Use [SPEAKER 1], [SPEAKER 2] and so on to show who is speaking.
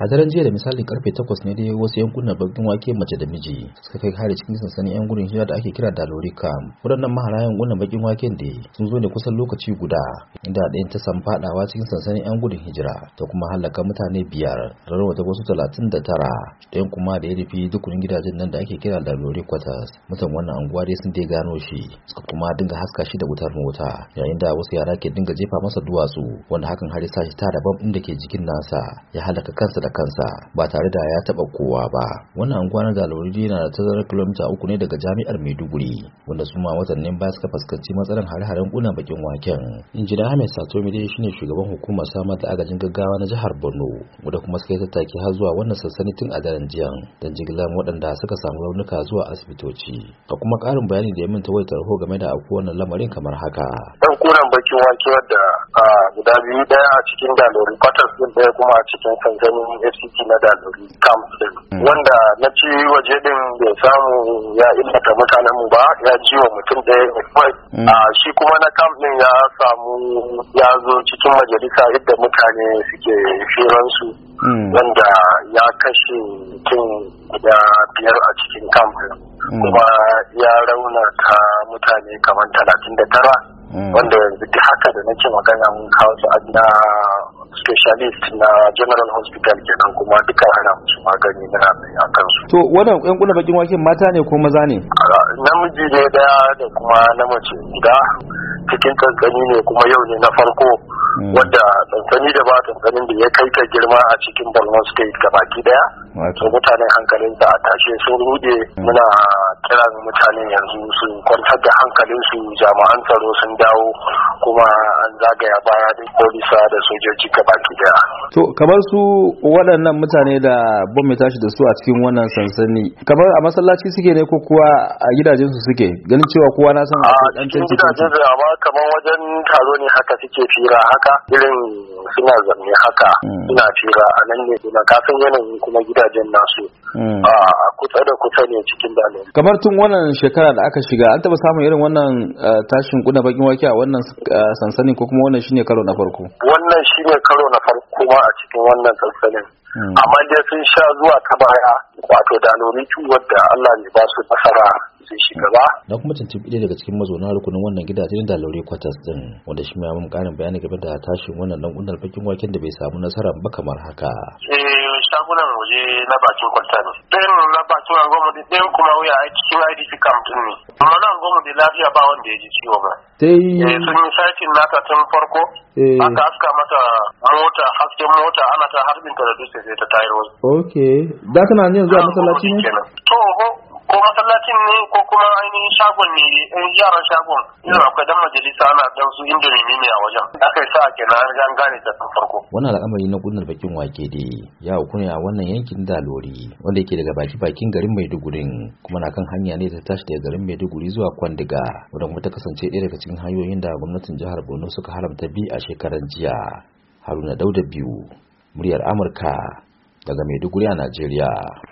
[SPEAKER 1] a daren jiya da misalin karfe takwas ne dai wasu yankunan babban wake mace da miji suka kai hari cikin sansanin yan gudun hijira da ake kira da lorika waɗannan mahara gudun bakin waken da sun zo ne kusan lokaci guda inda ɗayan ta san faɗawa cikin sansanin yan gudun hijira ta kuma halaka mutane biyar rarrawa wata wasu da 39 ɗayan kuma da ya rufe dukkanin gidajen nan da ake kira da lori quarters mutan wannan anguwa dai sun dai gano shi suka kuma dinga haska shi da wutar mota yayin da wasu yara ke dinga jefa masa duwatsu wanda hakan har ya sa shi ta bam inda ke jikin nasa ya halaka kansa da kansa ba tare da ya taba kowa ba wannan anguwa na Galoridi na da tazarar kilomita uku ne daga jami'ar Maiduguri wanda su ma watannin baya suka fuskanci matsalar hare-haren kuna bakin waken injina Ahmed Satomi dai shine shugaban hukumar samar da agajin gaggawa na jihar Borno wanda kuma suka yi tattaki har zuwa wannan sansani tun a daren jiya dan jigilar waɗanda suka samu raunuka zuwa asibitoci a kuma ƙarin bayani da ya minta wai tarho game da akuwar lamarin kamar haka dan
[SPEAKER 2] kunan bakin wake wadda ah, guda biyu daya a cikin dalori patas din daya kuma a cikin sansanin fct na dalori camp din hmm. wanda na ci waje din bai samu ya illata mutanen mu ba ya ci wa mutum ɗaya kwai hmm. a ah, shi kuma na camp din ya samu ya zo cikin majalisa yadda mutane suke su hmm. wanda ya kashe mutum guda biyar a cikin camp din kuma ya raunata mutane kamar talatin da tara wanda yanzu haka da nake magana mun kawo su specialist na general hospital kenan kuma duka ana musu magani na a kansu
[SPEAKER 1] to wannan yan kula bakin wake mata ne ko maza ne
[SPEAKER 2] namiji ne daya da kuma na mace guda cikin kankani ne kuma yau ne na farko hmm. wadda tsantsani da ba tsantsanin da ya kai ka girma a cikin Borno state gabaki daya to mutanen da a tashe sun rude muna kiran mutane yanzu su kwantar da su jami'an tsaro sun dawo kuma an zagaya baya da polisa da sojoji gabaki daya
[SPEAKER 1] to kamar su waɗannan mutane da bombe tashi da su a cikin wannan sansani kamar a masallaci suke ne ko kuwa a gidajen su suke ganin cewa kowa na san a dan canci gidajen da amma kamar wajen
[SPEAKER 2] taro ne haka suke fira haka irin suna zanne haka hmm. suna fira a nan ne kuma kafin yanayin kuma gida gidajen nasu hmm. a kusa da kusa ne cikin dalilin
[SPEAKER 1] kamar tun wannan shekara da aka shiga an taba samun irin wannan eh, tashin kuna bakin wake a wannan eh, sansanin ko kuma wannan shine karo na farko
[SPEAKER 2] wannan shine karo na farko ma a cikin wannan sansanin hmm. amma dai sun sha zuwa ta baya wato da nomi wadda Allah ne ba su nasara sun shiga ba hmm.
[SPEAKER 1] na kuma tuntubi ɗaya daga cikin mazauna rukunin wannan gidajen da laure kwatas din wanda shi ma mun karin bayani game da tashin wannan dan kundar bakin waken da bai samu nasara ba kamar haka
[SPEAKER 2] eh shagunan waje na bakin kwalta ne ɗayan na bakin gwamnati ɗayan kuma wuya a cikin idp camp ɗin ne amma nan gwamnati lafiya ba wanda ya ji ciwo ba sai eh, sun yi sakin nata tun farko
[SPEAKER 1] eh. aka aska
[SPEAKER 2] mata mota hasken mota ana ta harbin ta da dutse sai ta tayar
[SPEAKER 1] wasu ok da kana yin zuwa masallaci ne
[SPEAKER 2] to ko masallacin ne ko kuma ainihin shagon ne in eh, yaran shagon yana mm. akwai dan majalisa ana dan su inda ne ne a wajen aka yi sa kenan an an gane da
[SPEAKER 1] farko wannan al'amari na kunnar bakin wake dai ya hukuna a wannan yankin dalori wanda yake daga baki bakin garin maiduguri kuma na kan hanya ne ta tashi daga garin maiduguri zuwa kwandiga wadda kuma ta kasance ɗaya daga cikin hanyoyin da gwamnatin jihar borno suka haramta bi a shekaran jiya haruna dauda biyu muryar amurka daga maiduguri a najeriya